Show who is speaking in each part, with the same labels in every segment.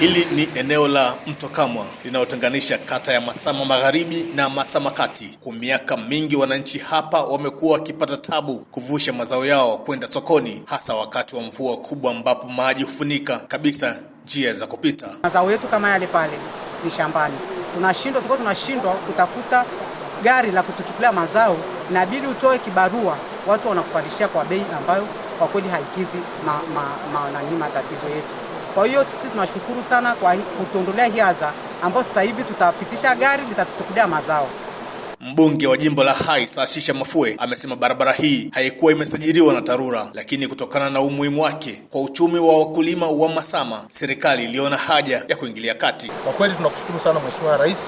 Speaker 1: Hili ni eneo la Mto Kamwa linalotenganisha kata ya Masama Magharibi na Masama Kati. Kwa miaka mingi, wananchi hapa wamekuwa wakipata tabu kuvusha mazao yao kwenda sokoni, hasa wakati wa mvua kubwa ambapo maji hufunika kabisa njia za kupita.
Speaker 2: Mazao yetu kama yale pale ni shambani, tunashindwa tuko tunashindwa kutafuta gari la kutuchukulia mazao, inabidi utoe kibarua, watu wanakupandishia kwa bei ambayo kwa kweli haikidhi ma, ma, ma, nani matatizo yetu. Kwa hiyo sisi tunashukuru sana kwa kutuondolea hii adha ambayo sasa hivi tutapitisha gari litatuchukulia mazao.
Speaker 1: Mbunge wa jimbo la Hai Saashisha Mafue amesema barabara hii haikuwa imesajiliwa na TARURA, lakini kutokana na umuhimu wake kwa uchumi wa wakulima wa Masama, serikali iliona haja ya kuingilia kati.
Speaker 3: Kwa kweli tunakushukuru sana Mheshimiwa Rais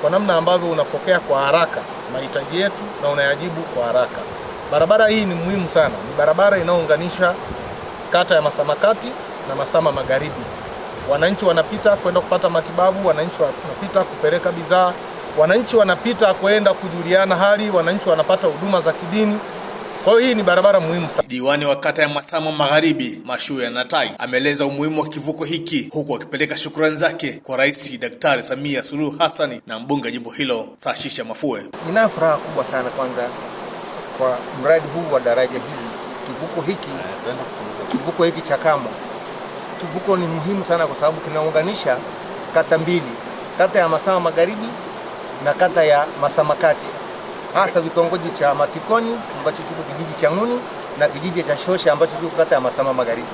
Speaker 3: kwa namna ambavyo unapokea kwa haraka mahitaji yetu na unayajibu kwa haraka. Barabara hii ni muhimu sana, ni barabara inayounganisha kata ya Masama kati na Masama Magharibi. Wananchi wanapita kwenda kupata matibabu, wananchi wanapita kupeleka bidhaa, wananchi wanapita kwenda kujuliana hali, wananchi wanapata huduma za kidini. Kwa hiyo hii ni barabara muhimu sana.
Speaker 1: Diwani wa kata ya Masama Magharibi, Mashuya Natai, ameeleza umuhimu wa kivuko hiki huku akipeleka shukrani zake kwa Rais Daktari Samia Suluhu Hassan na mbunge jimbo hilo sashisha Mafue.
Speaker 4: Nina furaha kubwa sana kwanza kwa mradi huu wa daraja hili, kivuko hiki kivuko hiki cha Kamo kivuko ni muhimu sana kwa sababu kinaunganisha kata mbili, kata ya Masama Magharibi na kata ya Masama Kati, hasa vitongoji cha Matikoni ambacho kiko kijiji cha Ng'uni na kijiji cha Shosha ambacho kiko kata ya Masama Magharibi.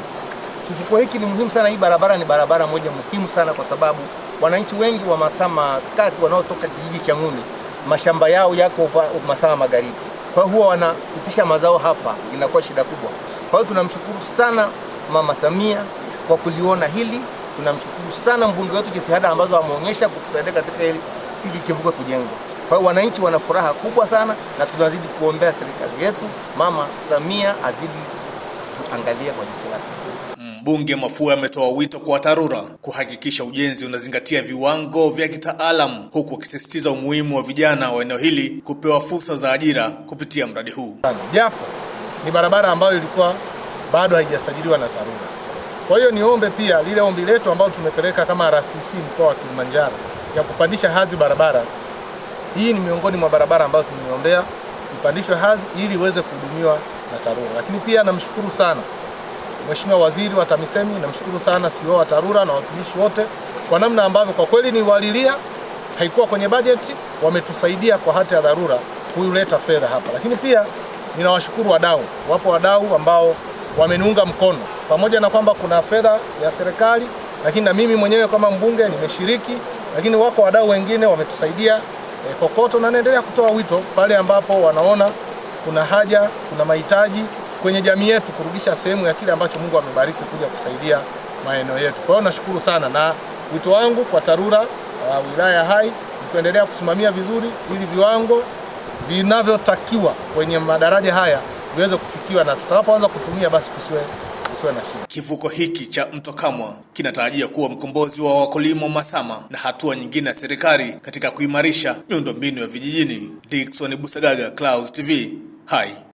Speaker 4: Kivuko hiki ni muhimu sana. Hii barabara ni barabara moja muhimu sana kwa sababu wananchi wengi wa Masama Kati wanaotoka kijiji cha Ng'uni mashamba yao yako Masama Magharibi, kwa huwa wanapitisha mazao hapa, inakuwa shida kubwa. Kwa hiyo tunamshukuru sana Mama Samia kwa kuliona hili. Tunamshukuru sana mbunge wetu, jitihada ambazo ameonyesha kutusaidia katika hili hiki kivuko kujengwa. Kwa hiyo wananchi wana furaha kubwa sana, na tunazidi kuombea serikali yetu Mama Samia azidi tuangalia kwa jitihada.
Speaker 1: Mbunge Mafua ametoa wito kwa TARURA kuhakikisha ujenzi unazingatia viwango vya kitaalamu huku akisisitiza umuhimu wa vijana wa eneo hili kupewa fursa za ajira kupitia mradi huu.
Speaker 3: Japo ni barabara ambayo ilikuwa bado haijasajiliwa na TARURA kwa hiyo niombe pia lile ombi letu ambalo tumepeleka kama RCC mkoa wa Kilimanjaro ya kupandisha hadhi barabara hii, ni miongoni mwa barabara ambayo tumeiombea ipandishwe hadhi ili iweze kuhudumiwa na TARURA. Lakini pia namshukuru sana Mheshimiwa Waziri wa TAMISEMI, namshukuru sana CEO wa TARURA na watumishi wote kwa namna ambavyo kwa kweli niwalilia, haikuwa kwenye bajeti, wametusaidia kwa hati ya dharura kuileta fedha hapa. Lakini pia ninawashukuru wadau, wapo wadau ambao wameniunga mkono pamoja na kwamba kuna fedha ya serikali, lakini na mimi mwenyewe kama mbunge nimeshiriki, lakini wako wadau wengine wametusaidia e, kokoto, na naendelea kutoa wito pale ambapo wanaona kuna haja, kuna mahitaji kwenye jamii yetu kurudisha sehemu ya kile ambacho Mungu amebariki kuja kusaidia maeneo yetu. Kwa hiyo nashukuru sana, na wito wangu kwa TARURA wa wilaya Hai ni kuendelea kusimamia vizuri ili viwango vinavyotakiwa kwenye madaraja haya viweze kufikiwa, na tutakapoanza kutumia basi kusiwe wasiwe na shida.
Speaker 1: Kivuko hiki cha mto Kamwa kinatarajia kuwa mkombozi wa wakulima Masama na hatua nyingine ya serikali katika kuimarisha miundombinu ya vijijini. Dickson Busagaga, Clouds TV, Hai.